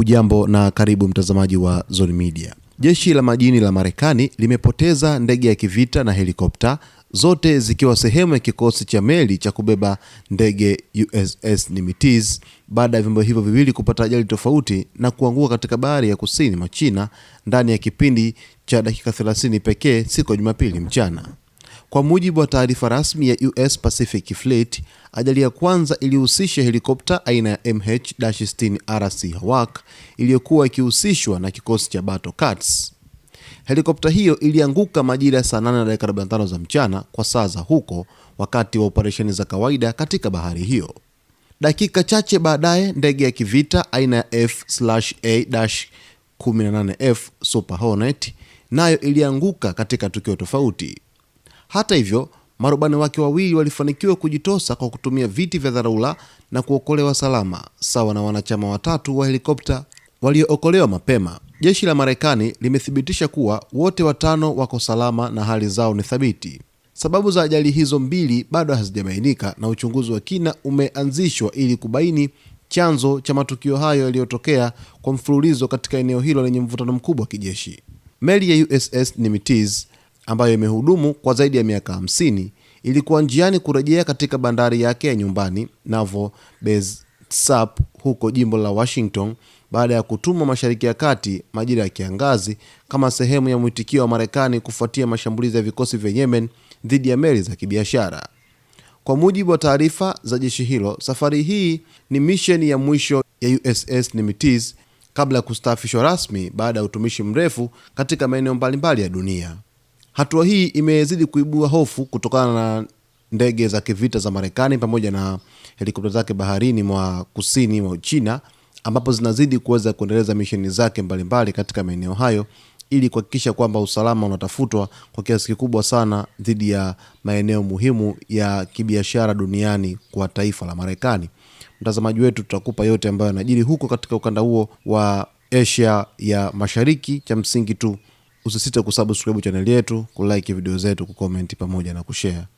Hujambo na karibu mtazamaji wa Zone Media. Jeshi la majini la Marekani limepoteza ndege ya kivita na helikopta zote zikiwa sehemu ya kikosi cha meli cha kubeba ndege USS Nimitz baada ya vyombo hivyo viwili kupata ajali tofauti na kuanguka katika bahari ya kusini mwa China ndani ya kipindi cha dakika 30 pekee siku ya Jumapili mchana. Kwa mujibu wa taarifa rasmi ya US Pacific Fleet, ajali ya kwanza ilihusisha helikopta aina ya MH-60 RC Hawk iliyokuwa ikihusishwa na kikosi cha Battle Cats. Helikopta hiyo ilianguka majira ya saa 8 a45 za mchana kwa saa za huko, wakati wa operesheni za kawaida katika bahari hiyo. Dakika chache baadaye, ndege ya kivita aina ya F/A-18F Super Hornet nayo ilianguka katika tukio tofauti. Hata hivyo, marubani wake wawili walifanikiwa kujitosa kwa kutumia viti vya dharura na kuokolewa salama, sawa na wanachama watatu wa helikopta waliookolewa mapema. Jeshi la Marekani limethibitisha kuwa wote watano wako salama na hali zao ni thabiti. Sababu za ajali hizo mbili bado hazijabainika na uchunguzi wa kina umeanzishwa ili kubaini chanzo cha matukio hayo yaliyotokea kwa mfululizo katika eneo hilo lenye mvutano mkubwa wa kijeshi. Meli ya USS Nimitz ambayo imehudumu kwa zaidi ya miaka 50 ilikuwa njiani kurejea katika bandari yake ya nyumbani navo besap huko jimbo la Washington baada ya kutumwa Mashariki ya Kati majira ya kiangazi kama sehemu ya mwitikio wa Marekani kufuatia mashambulizi ya vikosi vya Yemen dhidi ya meli za kibiashara. Kwa mujibu wa taarifa za jeshi hilo, safari hii ni misheni ya mwisho ya USS nimitis kabla ya kustaafishwa rasmi baada ya utumishi mrefu katika maeneo mbalimbali ya dunia. Hatua hii imezidi kuibua hofu kutokana na ndege za kivita za Marekani pamoja na helikopta zake baharini mwa kusini mwa Uchina ambapo zinazidi kuweza kuendeleza misheni zake mbalimbali katika maeneo hayo ili kuhakikisha kwamba usalama unatafutwa kwa kiasi kikubwa sana dhidi ya maeneo muhimu ya kibiashara duniani kwa taifa la Marekani. Mtazamaji wetu, tutakupa yote ambayo yanajiri huko katika ukanda huo wa Asia ya Mashariki. Cha msingi tu Usisite kusubscribe chaneli yetu, kulike video zetu, kukomenti pamoja na kushare.